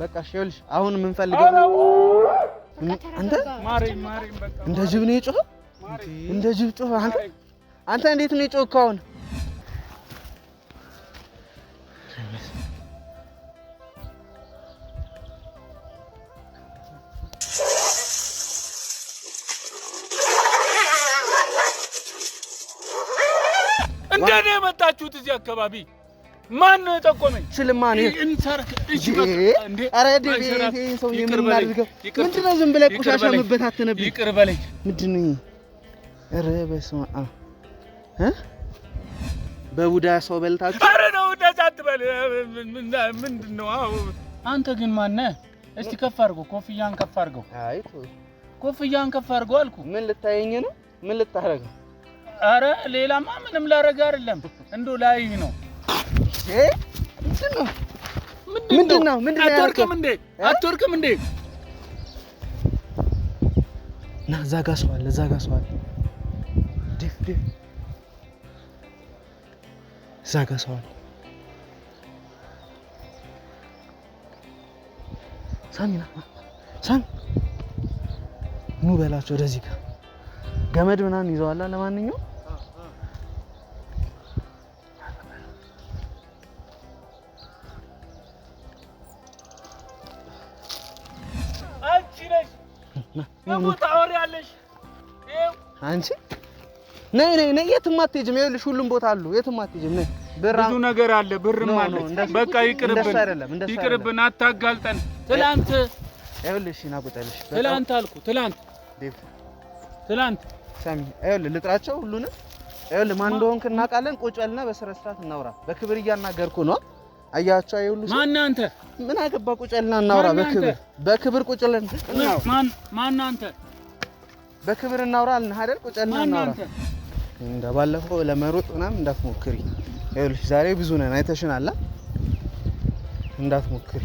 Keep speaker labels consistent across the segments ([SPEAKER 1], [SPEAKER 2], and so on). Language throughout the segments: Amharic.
[SPEAKER 1] በቃ እሺ፣ ይኸውልሽ አሁን የምንፈልገው አንተ እንደ ጅብ ነው የጮኸው። እንደ ጅብ ጮኸ። አንተ አንተ እንዴት ነው የጮኸው?
[SPEAKER 2] አሁን እንዴት ነው የመጣችሁት እዚህ አካባቢ? ማን ጠቆመኝ? ስልማን እንሰርክ
[SPEAKER 1] ምንድን ነው? ዝም ብለህ ቆሻሻ መበታተነብኝ። ይቅር በለኝ። ምንድን ነው? ኧረ በስመ አብ እ በቡዳ ሰው በልታችሁ።
[SPEAKER 2] ኧረ ነው እንደዛ አትበል። ምንድን ነው? አንተ ግን ማነህ? እስቲ ከፍ አድርገው፣ ኮፍያን ከፍ አድርገው። አይ ኮፍያን ከፍ አድርገው አልኩ።
[SPEAKER 1] ምን ልታየኝ ነው? ምን ልታረገው?
[SPEAKER 2] ኧረ ሌላማ ምንም ላረግ አይደለም፣ እንዶ ላይ ነው ምንድን ነው? አትወርቅም እንዴ? አትወርቅም እንዴ?
[SPEAKER 1] ና እዛ ጋ ሰው አለ፣ እዛ ጋ ሰው አለ፣ እዛ ጋ ሰው አለ። ሳሚ፣ ኑ በላቸው ወደዚህ ገመድ ምናምን ይዘዋላ። ለማንኛውም ነይ ነይ ነይ፣ የትም አትሄጂም። ይኸውልሽ ሁሉም ቦታ አሉ፣ የትም አትሄጂም። ነይ
[SPEAKER 2] ብዙ ነገር አለ፣ ብርም አለ። በቃ ይቅርብን፣ ይቅርብን፣ አታጋልጠን። ትላንት
[SPEAKER 1] ይኸውልሽ ናቁጠልሽ፣
[SPEAKER 2] ትላንት አልኩ፣ ትላንት ትላንት
[SPEAKER 1] ሳሚ፣ ይኸውልህ ልጥራቸው ሁሉንም። ይኸውልህ ማን እንደሆንክ እናውቃለን። ቁጭ በልና በስነ ስርዓት እናውራ። በክብር እያናገርኩ ነው። አያቸው አይሁሉ ማን አንተ ምን አገባ? ቁጭ በልና እናውራ። በክብር በክብር ቁጭ በልና
[SPEAKER 2] ማን ማን አንተ
[SPEAKER 1] በክብር እናውራ አልን አይደል? ቁጭ በልና እናውራ። እንደባለፈው ለመሮጥ ምናምን እንዳትሞክሪ። ይኸውልሽ ዛሬ ብዙ ነን አይተሽናል። እንዳትሞክሪ።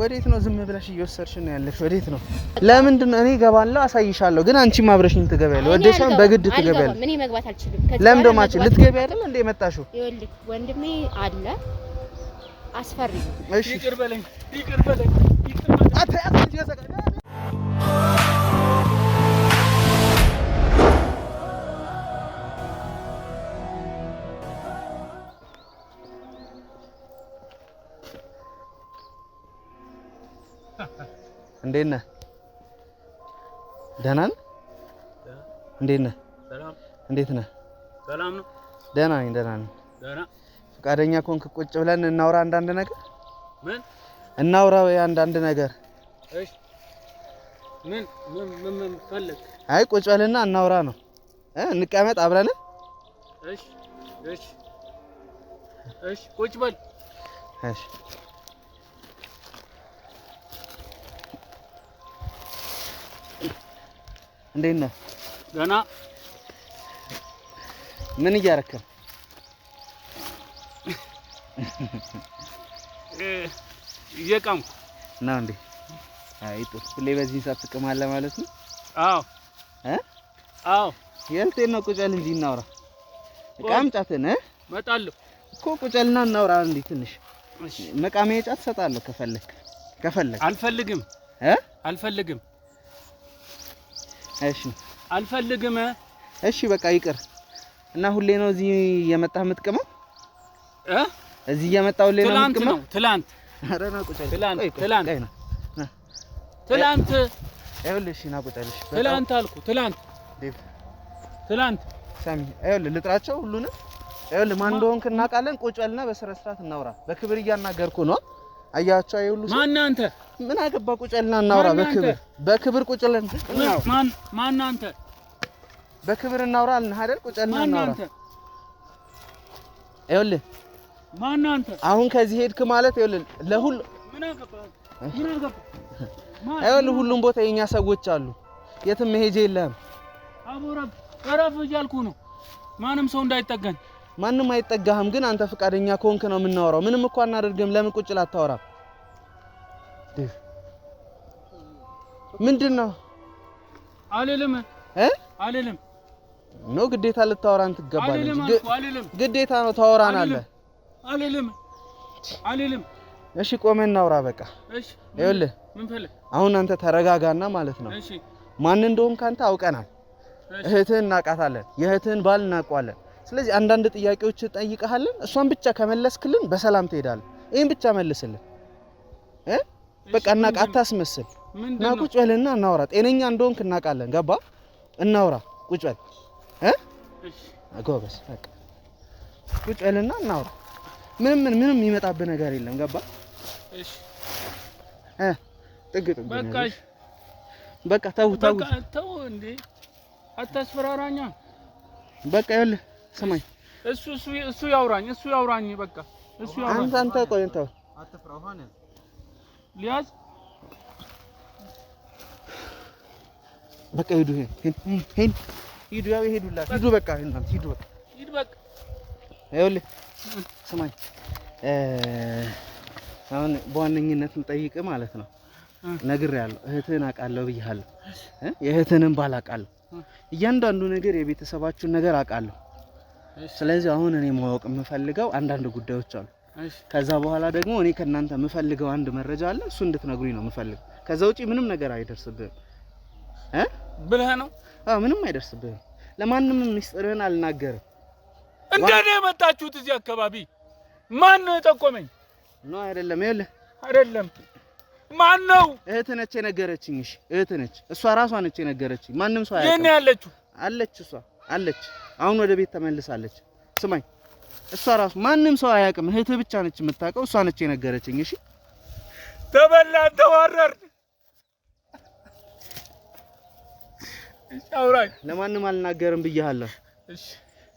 [SPEAKER 1] ወዴት ነው ዝም ብለሽ እየወሰድሽ ነው ያለሽ? ወዴት ነው? ለምንድን ነው? እኔ እገባለሁ፣ አሳይሻለሁ። ግን አንቺም አብረሽኝ ትገቢያለሽ። ወደሻም በግድ ትገቢያለሽ። እኔ መግባት አልችልም። ለምን ደሞ አልችልም። ልትገቢ አይደል እንደ የመጣሽው?
[SPEAKER 3] ይኸውልህ ወንድሜ አለ አስፈሪ።
[SPEAKER 2] እሺ ይቅር በለኝ፣ ይቅር በለኝ፣ ይቅር በለኝ።
[SPEAKER 1] እንዴት ነህ? ደህና ነህ? እንዴት ነህ? እንዴት ነህ? ሰላም ነው። ደህና ነኝ፣ ደህና ነኝ። ፈቃደኛ ከሆንክ ቁጭ ብለን እናውራ አንዳንድ ነገር ምን እናውራ አንዳንድ ነገር
[SPEAKER 2] እሺ ምን ምን ምን ፈለግ
[SPEAKER 1] አይ ቁጭ በልና እናውራ ነው እ እንቀመጥ አብረን
[SPEAKER 2] እሺ እሺ እሺ ቁጭ በል
[SPEAKER 1] እሺ እንዴት ነህ? ገና ምን እያደረክ ነው?
[SPEAKER 2] እየቀምኩ
[SPEAKER 1] ነው እንዴ? አይ ጥሩ። ሁሌ በዚህ ሰዓት ትቅማለህ ማለት ነው? አዎ እ አዎ የልቴን ነው። ቁጨል እንጂ እናውራ። እቃም ጫትን እ እመጣለሁ እኮ ቁጨልና እናውራ እንዴ። ትንሽ መቃመጫ ትሰጣለሁ ከፈለክ ከፈለክ። አልፈልግም እ አልፈልግም እሺ አልፈልግም። እሺ በቃ ይቅር እና ሁሌ ነው እዚህ የመጣህ የምትቅመው እ እዚህ የመጣው ሁሌ ነው የምትቅመው? ትላንት ትላንት አልኩህ።
[SPEAKER 2] ትላንት ትላንት
[SPEAKER 1] ሳሚ ይኸውልህ ልጥራቸው ሁሉንም ይኸውልህ ማን እንደሆንክ እናውቃለን። ቁጭ በልና በስነ ስርዓት እናውራ። በክብር እያናገርኩህ ነው። አያቸው አይውሉ ማን አንተ ምን አገባ? ቁጭ እናውራ። በክብር በክብር ቁጭ
[SPEAKER 2] ማን ማን አንተ
[SPEAKER 1] በክብር እናውራ አልን አይደል? ቁጭ ልና እናውራ። ይኸውልህ ማን አንተ አሁን ከዚህ ሄድክ ማለት ይኸውልህ፣ ለሁሉ
[SPEAKER 2] ምን አገባ? ምን አገባ?
[SPEAKER 1] ይኸውልህ ሁሉም ቦታ የኛ ሰዎች አሉ። የትም መሄጃ የለህም።
[SPEAKER 2] አቦራ ቀረፍ እያልኩ ነው። ማንም ሰው እንዳይጠገን
[SPEAKER 1] ማንም አይጠጋህም፣ ግን አንተ ፍቃደኛ ከሆንክ ነው የምናወራው። ምንም እኮ አናደርግም። ለምን ቁጭ ላታወራ? ምንድን ነው አልልም እ አልልም ነው ግዴታ ልታወራን ትገባለች። ግዴታ ነው ታወራናለህ።
[SPEAKER 2] አልልም አልልም።
[SPEAKER 1] እሺ ቆመን እናውራ። በቃ እሺ። ይኸውልህ አሁን አንተ ተረጋጋና ማለት ነው። ማን እንደሆንክ አንተ አውቀናል። እህትህን እናውቃታለን። የእህትህን ባል እናውቀዋለን። ስለዚህ አንዳንድ ጥያቄዎች ጠይቀሃለን። እሷን ብቻ ከመለስክልን በሰላም ትሄዳለን። ይህን ብቻ መልስልን። እ በቃ እና አታስመስል። ና ቁጭ በልና እናውራ። ጤነኛ እንደሆንክ እናውቃለን። ገባ? እናውራ። ቁጭ በል ጎበዝ። በቃ ቁጭ በልና እናውራ። ምንም ምንም የሚመጣብህ ነገር የለም። ገባ? እሺ እ ጥግ ጥግ በቃ በቃ ተው ተው
[SPEAKER 2] ተው። እንዴ አታስፈራራኛ።
[SPEAKER 1] በቃ ይኸውልህ ስማኝ፣
[SPEAKER 2] እሱ እሱ እሱ ያውራኝ እሱ ያውራኝ በቃ
[SPEAKER 1] እሱ ያውራኝ። አንተ አንተ ቆይ እንተው
[SPEAKER 2] አትፍራው። ሆነ ሊያዝ
[SPEAKER 1] በቃ ሂዱ፣ ሄድ ሄድ ሂዱ፣ ያው ይሄዱላችሁ፣ ሂዱ በቃ እናንተ ሂዱ፣ በቃ ሂዱ፣ በቃ ይኸውልህ፣ ስማኝ አሁን በዋነኝነት ጠይቅ ማለት ነው ነግሬሃለሁ። እህትህን አውቃለሁ ብያለሁ። የእህትህንም ባል አውቃለሁ። እያንዳንዱ ነገር የቤተሰባችሁን ነገር አውቃለሁ። ስለዚህ አሁን እኔ ማወቅ የምፈልገው አንዳንድ ጉዳዮች አሉ። ከዛ በኋላ ደግሞ እኔ ከእናንተ የምፈልገው አንድ መረጃ አለ። እሱ እንድትነግሩኝ ነው የምፈልገው። ከዛ ውጪ ምንም ነገር አይደርስብህም ብለህ ነው? አዎ ምንም አይደርስብህም። ለማንም ሚስጥርህን አልናገርም።
[SPEAKER 2] እንደኔ የመጣችሁት እዚህ አካባቢ ማን ነው የጠቆመኝ?
[SPEAKER 1] ኖ አይደለም። ይኸውልህ
[SPEAKER 2] አይደለም። ማን ነው?
[SPEAKER 1] እህት ነች የነገረችኝ። እሺ እህት ነች። እሷ ራሷ ነች የነገረችኝ። ማንም ሰው አያውቅም። የኔ ያለችው አለች እሷ አለች። አሁን ወደ ቤት ተመልሳለች። ስማኝ፣ እሷ ራሱ ማንም ሰው አያውቅም። እህትህ ብቻ ነች የምታውቀው። እሷ ነች የነገረችኝ። እሺ፣
[SPEAKER 2] ተበላን፣ ተዋረር አውራኝ።
[SPEAKER 1] ለማንም አልናገርም ብያለሁ። እሺ፣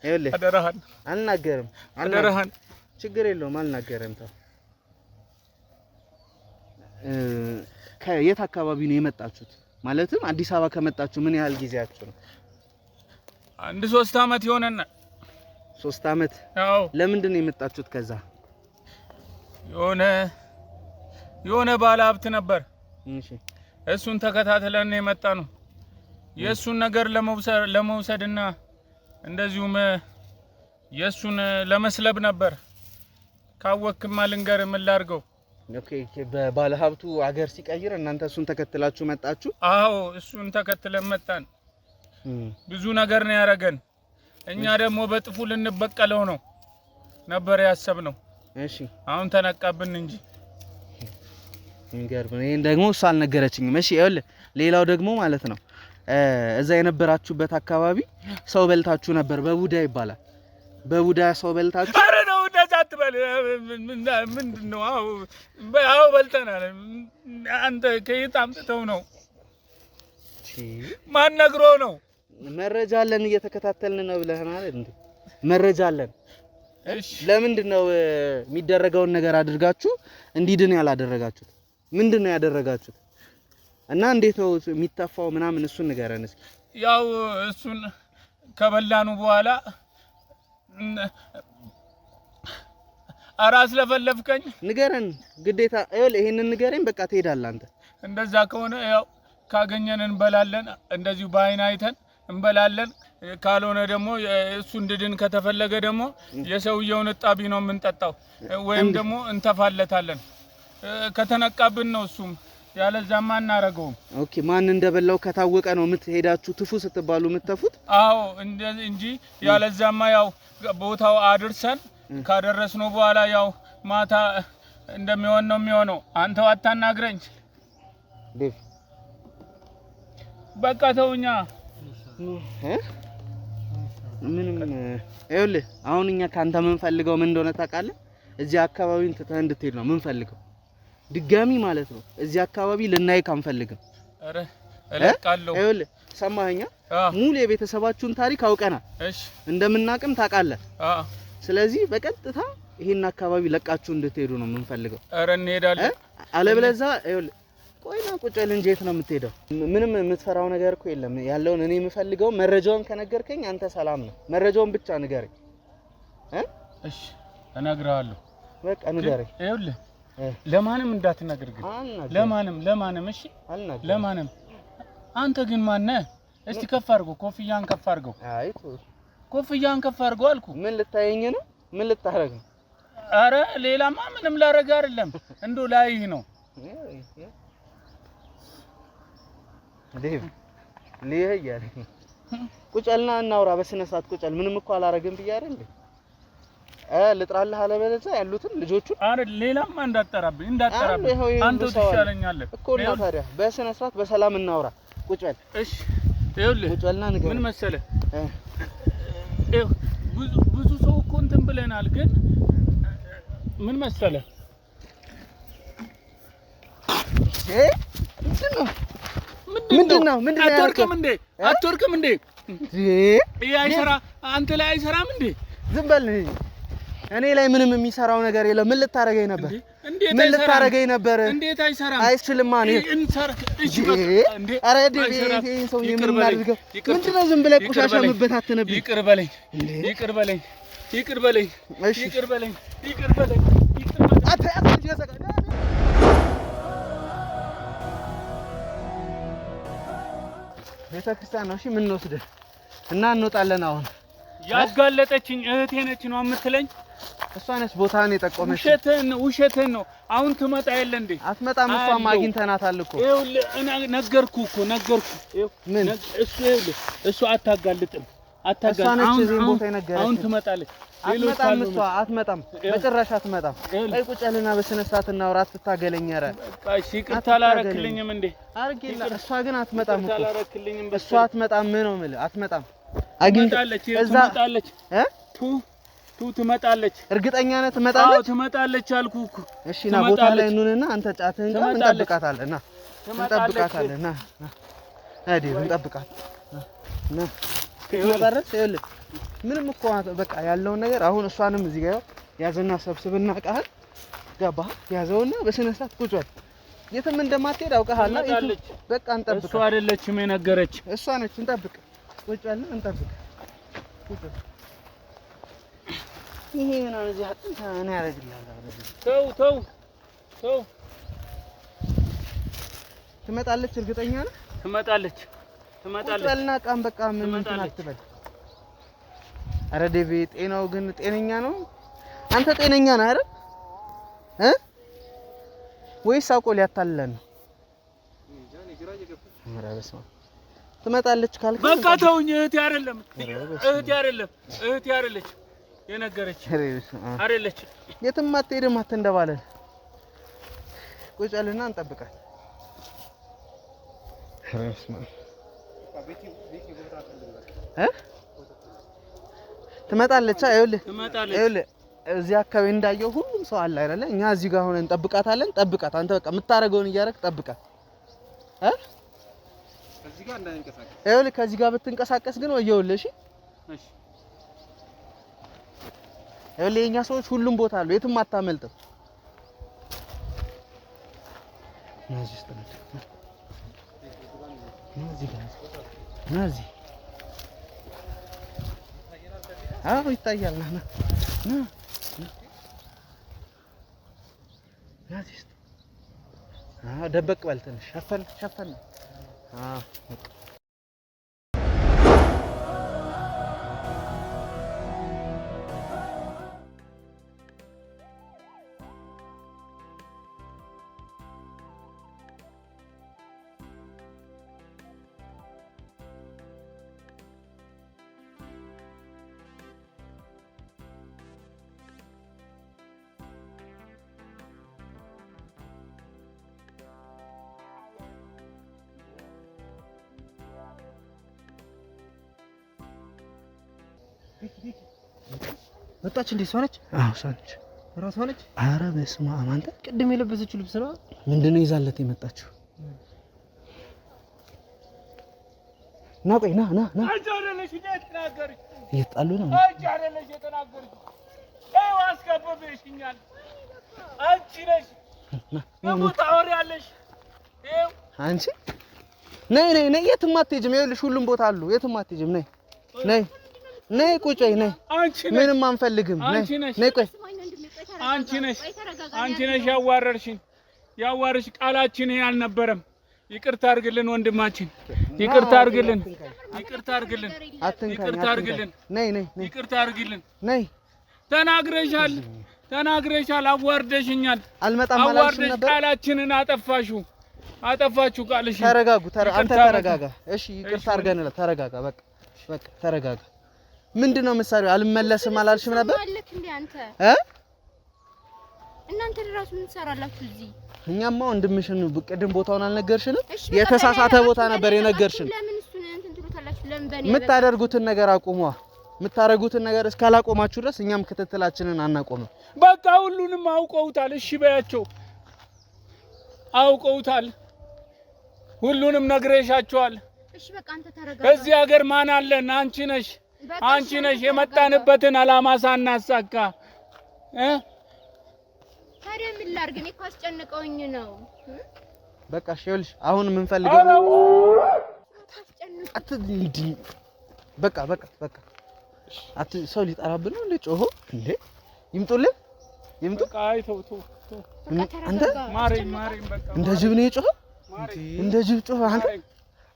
[SPEAKER 1] ይኸውልህ፣ አደረሃን አልናገርም፣ አደረሃን። ችግር የለውም፣ አልናገርም። ተው ከየት አካባቢ ነው የመጣችሁት? ማለትም አዲስ አበባ ከመጣችሁ ምን ያህል ጊዜያችሁ ነው?
[SPEAKER 2] አንድ ሶስት አመት ይሆነና ሶስት አመት። አዎ።
[SPEAKER 1] ለምንድን ነው የመጣችሁት? ከዛ
[SPEAKER 2] የሆነ የሆነ ባለ ሀብት ነበር። እሺ። እሱን ተከታትለን የመጣ ነው። የእሱን ነገር ለመውሰድና እንደዚሁም የእሱን ለመስለብ ነበር። ካወክማ ልንገር ምን ላድርገው።
[SPEAKER 1] ኦኬ። አገር ሲቀይር እናንተ እሱን ተከትላችሁ መጣችሁ?
[SPEAKER 2] አዎ፣ እሱን ተከትለን መጣን። ብዙ ነገር ነው ያደረገን። እኛ ደግሞ በጥፉ ልንበቀለው ነው ነበር ያሰብነው። እሺ አሁን ተነቃብን እንጂ
[SPEAKER 1] የሚገርም ነው። ደግሞ እሱ አልነገረችኝም። እሺ ይኸውልህ፣ ሌላው ደግሞ ማለት ነው እዛ የነበራችሁበት አካባቢ ሰው በልታችሁ ነበር። በቡዳ ይባላል። በቡዳ ሰው በልታችሁ።
[SPEAKER 2] ኧረ ነው እንደዛ አትበል። ምንድን ነው? አዎ በልተናል። አንተ ከየት አምጥተው ነው? ማን ነግሮ ነው?
[SPEAKER 1] መረጃ አለን እየተከታተልን ነው ብለህናል እንዴ? መረጃ አለን። ለምንድን ነው የሚደረገውን ነገር አድርጋችሁ እንዲድን ያላደረጋችሁት? ምንድን ነው ያደረጋችሁት? እና እንዴት ነው የሚተፋው ምናምን እሱን ንገረን እስኪ።
[SPEAKER 2] ያው እሱን ከበላኑ በኋላ አራስ ለፈለፍከኝ
[SPEAKER 1] ንገረን ግዴታ እል ይሄንን ንገረኝ። በቃ ትሄዳለህ አንተ።
[SPEAKER 2] እንደዛ ከሆነ ያው ካገኘን እንበላለን፣ እንደዚሁ በአይን አይተን እንበላለን። ካልሆነ ደግሞ እሱ እንድድን ከተፈለገ ደግሞ የሰውየውን እጣቢ ነው የምንጠጣው፣ ወይም ደግሞ እንተፋለታለን። ከተነቃብን ነው እሱም፣ ያለዛማ አናረገውም።
[SPEAKER 1] ኦኬ፣ ማን እንደበላው ከታወቀ ነው የምትሄዳችሁ ትፉ ስትባሉ የምትተፉት?
[SPEAKER 2] አዎ፣ እንጂ ያለዛማ ያው ቦታው አድርሰን ካደረስነው በኋላ ያው ማታ እንደሚሆን ነው የሚሆነው። አንተው አታናግረኝ በቃ ተውኛ።
[SPEAKER 1] ምንም ይኸውልህ፣ አሁን እኛ ከአንተ የምንፈልገው ምን እንደሆነ ታውቃለህ? እዚህ አካባቢውን ትተህ እንድትሄድ ነው የምንፈልገው። ድጋሚ ማለት ነው እዚህ አካባቢ ልናይክ አንፈልግም።
[SPEAKER 2] ኧረ እለቃለሁ።
[SPEAKER 1] ይኸውልህ፣ ሰማኸኝ? ሙሉ የቤተሰባችሁን ታሪክ አውቀናል፣ እንደምናቅም ታውቃለህ። ስለዚህ በቀጥታ ይሄን አካባቢ ለቃችሁ እንድትሄዱ ነው የምንፈልገው።
[SPEAKER 2] ኧረ እንሄዳለን፣
[SPEAKER 1] አለበለዚያ ይኸውልህ ቆይና ቁጭል እንጂ የት ነው የምትሄደው? ምንም የምትፈራው ነገር እኮ የለም። ያለውን እኔ የምፈልገው መረጃውን ከነገርከኝ አንተ ሰላም ነው። መረጃውን ብቻ ንገረኝ
[SPEAKER 2] እሺ እነግርሃለሁ።
[SPEAKER 1] በቃ ንገረኝ።
[SPEAKER 2] ይኸውልህ ለማንም እንዳትናገር ግን፣ ለማንም ለማንም። እሺ ለማንም። አንተ ግን ማነህ? እስቲ ከፍ አድርገው፣ ኮፍያን ከፍ አድርገው። አይ ኮፍያን ከፍ አድርገው አልኩ።
[SPEAKER 1] ምን ልታየኝ ነው? ምን ልታረግ ነው?
[SPEAKER 2] አረ ሌላማ ምንም ላረግ አይደለም፣ እንዶ ላይ ነው
[SPEAKER 1] ሊህ እያለ ቁጨልና እናውራ በስነ ስርዓት ቁጨል። ምንም እኮ አላረግም ብዬ አይደል እ ልጥራልህ አለበለዚያ ያሉትን ልጆቹን
[SPEAKER 2] አይደል ሌላም እንዳጠራብኝ እንዳጠራብኝ አንተ ትሻለኛለህ
[SPEAKER 1] እኮ እና ታዲያ በስነ ስርዓት በሰላም እናውራ። ቁጨል
[SPEAKER 2] እሺ፣ ይኸውልህ
[SPEAKER 1] ቁጨልና ንገረኝ። ምን
[SPEAKER 2] መሰለህ ይኸው ብዙ ብዙ ሰው እኮ እንትን ብለናል፣ ግን ምን መሰለህ
[SPEAKER 1] ምንድነው? ምንድነው?
[SPEAKER 2] አትወርቅም እንዴ? አትወርቅም እንዴ?
[SPEAKER 1] ይሄ
[SPEAKER 2] አይሰራ አንተ ላይ አይሰራም እንዴ?
[SPEAKER 1] ዝም በል። እኔ ላይ ምንም የሚሰራው ነገር የለም። ምን ልታረገኝ ነበር? ምን ልታረገኝ ነበር? እንዴት ምንድነው ዝም ብለህ ቆሻሻ የምበታተንብኝ?
[SPEAKER 2] ይቅር በለኝ፣ ይቅር በለኝ፣ ይቅር በለኝ፣ ይቅር በለኝ፣ ይቅር በለኝ።
[SPEAKER 1] ቤተክርስቲያን ነው እሺ ምን የምንወስድህ እና እንወጣለን። አሁን
[SPEAKER 2] ያጋለጠችኝ እህቴ ነች ነው የምትለኝ?
[SPEAKER 1] እሷ ነች ቦታን የጠቆመች።
[SPEAKER 2] ውሸትህን ውሸትህን ነው። አሁን ትመጣ የለ እንዴ?
[SPEAKER 1] አትመጣም። እሷም አግኝተናታል እኮ
[SPEAKER 2] ነገርኩህ እኮ ነገርኩህ። ምን እሱ እሱ አታጋልጥም አታጋጭ። አሁን ትመጣለች።
[SPEAKER 1] አትመጣም፣ እሷ አትመጣም፣ በጭራሽ አትመጣም። ቆይ ቁጭ አለና በስነ ስርዓት እናውራ። አትታገለኝ። ኧረ
[SPEAKER 2] ይቅርታ አላረክልኝም እንዴ?
[SPEAKER 1] አርጌላ። እሷ ግን አትመጣም እኮ እሷ አትመጣም ነው የምልህ። አትመጣም።
[SPEAKER 2] አግኝታለች፣ ቱ ቱ ትመጣለች።
[SPEAKER 1] እርግጠኛ ነህ? ትመጣለች። አዎ
[SPEAKER 2] ትመጣለች አልኩህ እኮ።
[SPEAKER 1] እሺ፣ ና ቦታ ላይ እንሁንና አንተ ጫትህን ጋር እንጠብቃታለን። ና እንጠብቃታለን። ና ና፣ እንጠብቃት ና ምንም እኮ በቃ ያለውን ነገር አሁን እሷንም እዚህ ጋር ያዘና ሰብስብና ቃል ገባ ያዘውና በስነ ስርዓት ቁጭ በል። የትም እንደማትሄድ አውቀሃላ። በቃ እንጠብቅ። እሷ
[SPEAKER 2] አይደለችም የነገረች
[SPEAKER 1] እሷ ነች። እንጠብቅ። ቁጭ በል እንጠብቅ። ይሄ ነው እዚህ አጥንታ እኔ ያደርግልሃል።
[SPEAKER 2] ተው ተው ተው።
[SPEAKER 1] ትመጣለች። እርግጠኛ ነህ?
[SPEAKER 2] ትመጣለች ትመጣለና
[SPEAKER 1] ቃም በቃ ምን እንትን አትበል። አረ ዴቪ ጤናው ግን ጤነኛ ነው? አንተ ጤነኛ ነህ አይደል? እ ወይስ አውቆ ነው? ትመጣለች ካልክ
[SPEAKER 2] በቃ ተውኝ። እህቴ አይደለም እህቴ አይደለም እህቴ አይደለች የነገረች አይደለች።
[SPEAKER 1] የትም አትሄድም። አትንደባለን። ቁጭ በልና እንጠብቃለን። ትመጣለች። ይኸውልህ ይኸውልህ እዚህ አካባቢ እንዳየው ሁሉም ሰው አለ አይደለ? እኛ እዚህ ጋር ሆነን እንጠብቃታለን። ጠብቃት አንተ በቃ የምታደርገውን እያደረግ ጠብቃት። ይኸውልህ ከዚህ ጋር ብትንቀሳቀስ ግን ወየውልህ። እሺ ይኸውልህ የእኛ ሰዎች ሁሉም ቦታ አሉ፣ የትም አታመልጥም። እዚህ እና እዚህ አዎ ይታያል። ና ና ና ደበቅ በል ትንሽ ሸፈን ሸፈን አዎ መጣች እንዴ? እሷ ነች? አዎ እሷ ነች። እራሷ ነች።
[SPEAKER 2] ኧረ በስመ አብ አንተ!
[SPEAKER 1] ቅድም የለበሰችው ልብስ ነው።
[SPEAKER 2] ምንድነው ይዛለት የመጣችው?
[SPEAKER 1] ና ቆይ፣ ና ና ና። እየተጣሉ ነው። አንቺ ነይ ነይ ነይ፣ የትም አትሄጂም። ይኸውልሽ ሁሉም ቦታ አሉ፣ የትም አትሄጂም። ነይ ነይ ነይ ቁጭ በይ ነይ። ምንም አንፈልግም። ነይ ቆይ።
[SPEAKER 2] አንቺ ነሽ አንቺ ነሽ ያዋረርሽን ያዋረርሽ ቃላችን ይሄ አልነበረም። ይቅርታ አድርግልን ወንድማችን፣ ይቅርታ አድርግልን፣ ይቅርታ አድርግልን፣ ይቅርታ አድርግልን። ነይ ነይ ነይ፣ ይቅርታ አድርግልን። ነይ ተናግረሻል፣ ተናግረሻል፣ አዋርደሽኛል።
[SPEAKER 1] አልመጣም አላልሽም ነበር?
[SPEAKER 2] ቃላችንን አጠፋሽው፣ አጠፋችሁ
[SPEAKER 1] ተረጋጉ፣ አንተ ተረጋጋ። እሺ፣ ይቅርታ አድርገንልህ። ተረጋጋ፣ በቃ በቃ፣ ተረጋጋ ምንድን ነው መሳሪያው? አልመለስም አላልሽም ነበር?
[SPEAKER 3] እናንተ ራሱ ምን ትሰራላችሁ እዚህ?
[SPEAKER 1] እኛማ ወንድምሽን ቅድም ቦታውን አልነገርሽንም? የተሳሳተ ቦታ ነበር የነገርሽን። የምታደርጉትን ነገር አቁሟ። የምታደርጉትን ነገር እስካላቆማችሁ ድረስ እኛም ክትትላችንን አናቆምም።
[SPEAKER 2] በቃ ሁሉንም አውቀውታል። እሺ በያቸው፣ አውቀውታል። ሁሉንም ነግሬሻቸዋል። እዚህ ሀገር ማን አለን? አንቺ ነሽ አንቺ ነሽ የመጣንበትን አላማ ሳናሳካ
[SPEAKER 3] ታዲያ ምን ላድርግ? እኔ እኮ አስጨንቀውኝ ነው።
[SPEAKER 1] በቃ አሁን የምንፈልገው በቃ በቃ በቃ አት ሰው ሊጠራብን ነው እንዴ? ጮሆ እንዴ? ይምጡ። አንተ እንደ ጅብ ነው የጮኸው፣ እንደ ጅብ ጮኸው። አንተ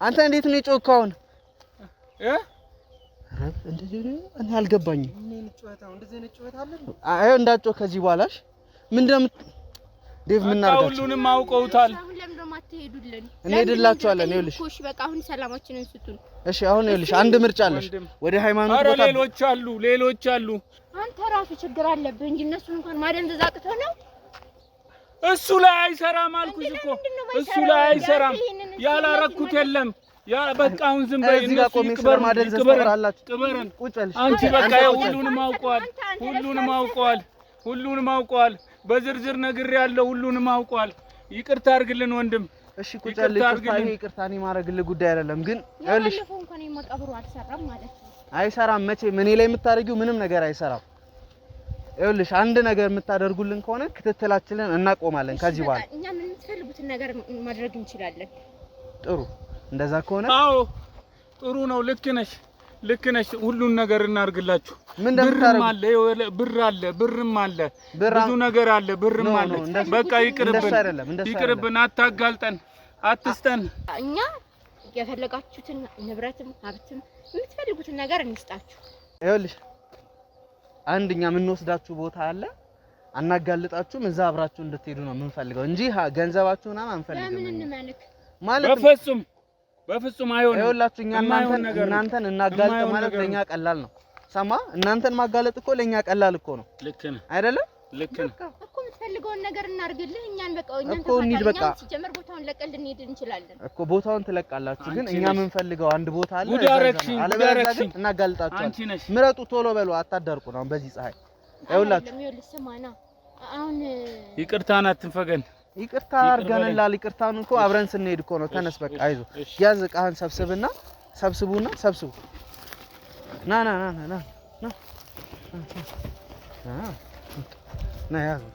[SPEAKER 1] አንተ እንዴት ነው የጮኸው አሁን እ እንደዚህ እኔ አልገባኝም። አይ እንዳትጮህ ከዚህ በኋላሽ ምንድነው? ዴቭ ምን አድርጋችሁ
[SPEAKER 2] ሁሉንም አውቀውታል።
[SPEAKER 1] እንሄድላችኋለን። ይኸውልሽ በቃ አሁን ሰላማችንን እሺ አሁን ይኸውልሽ አንድ ምርጫ አለሽ። ወደ ሃይማኖት
[SPEAKER 2] ቦታ ኧረ ሌሎች አሉ ሌሎች አሉ።
[SPEAKER 3] አንተ ራሱ ችግር አለብህ እንጂ እነሱን እንኳን ማደንዘዝ አቅቶህ ነው።
[SPEAKER 2] እሱ ላይ አይሰራም አልኩሽ እኮ እሱ ላይ አይሰራም። ያላረኩት የለም ያ በቃ አሁን ዝም በይ። እዚህ
[SPEAKER 1] ጋር ቆሜ ስለማደንዘዝ ትቆራላችሁ። ቅበርን
[SPEAKER 2] ቁጭ በል አንቺ። በቃ ሁሉንም አውቀዋል፣ ሁሉንም አውቀዋል፣ ሁሉንም አውቀዋል። በዝርዝር ነግሬያለሁ። ሁሉንም አውቀዋል። ይቅርታ አድርግልን ወንድም።
[SPEAKER 1] እሺ ቁጭ በል። ይቅርታ እኔ ማድረግልህ ጉዳይ አይደለም፣ ግን ይኸውልሽ አይሰራም። መቼ እኔ ላይ የምታደርጊው ምንም ነገር አይሰራም። ይኸውልሽ አንድ ነገር የምታደርጉልን ከሆነ ክትትላችንን እናቆማለን። ከዚህ በኋላ
[SPEAKER 3] እኛ የምትፈልጉትን ነገር ማድረግ እንችላለን።
[SPEAKER 1] ጥሩ እንደዛ ከሆነ
[SPEAKER 2] አዎ፣ ጥሩ ነው። ልክ ነሽ፣ ልክ ነሽ። ሁሉን ነገር እናርግላችሁ። ምን ብርም አለ፣ ብር አለ፣ ብርም አለ፣ ብዙ ነገር አለ፣ ብርም አለ። በቃ ይቅርብን፣ ይቅርብን። አታጋልጠን፣ አትስጠን።
[SPEAKER 3] እኛ የፈለጋችሁትን ንብረትም ሀብትም የምትፈልጉትን ነገር እንስጣችሁ።
[SPEAKER 1] ይኸውልሽ አንድኛ የምንወስዳችሁ ቦታ አለ አናጋልጣችሁም። እዛ አብራችሁ እንድትሄዱ ነው የምንፈልገው እንጂ ገንዘባችሁን አንፈልግም
[SPEAKER 2] ማለት በፍጹም በፍጹም አይሆንም።
[SPEAKER 1] ይኸውላችሁ እኛ እናንተን እናጋልጥ ማለት ለኛ ቀላል ነው። ሰማ እናንተን ማጋለጥ እኮ ለኛ ቀላል እኮ ነው። ልክ ነህ አይደለም?
[SPEAKER 2] ልክ ነህ
[SPEAKER 3] እኮ የምትፈልገውን ነገር እናድርግልህ። እኛን በቃ
[SPEAKER 1] እኛን ተፋታለህ። ሲጀመር ቦታውን ለቀን ልንሄድ እንችላለን እኮ ቦታውን ትለቃላችሁ። ግን እኛ የምንፈልገው አንድ ቦታ
[SPEAKER 2] አለ። አለበለዚያ ግን
[SPEAKER 1] እናጋልጣችኋለን። ምረጡ፣ ቶሎ በሉ፣ አታዳርቁ ነው በዚህ ፀሐይ። ይኸውላችሁ ስማና፣
[SPEAKER 2] አሁን ይቅርታን አትንፈገን
[SPEAKER 1] ይቅርታ አርገንላል። ይቅርታን እኮ አብረን ስንሄድ እኮ ነው። ተነስ በቃ አይዞ፣ ያዝ ዕቃህን ሰብስብና ሰብስቡና ሰብስቡ። ና ና ና ና ና ና ያዝ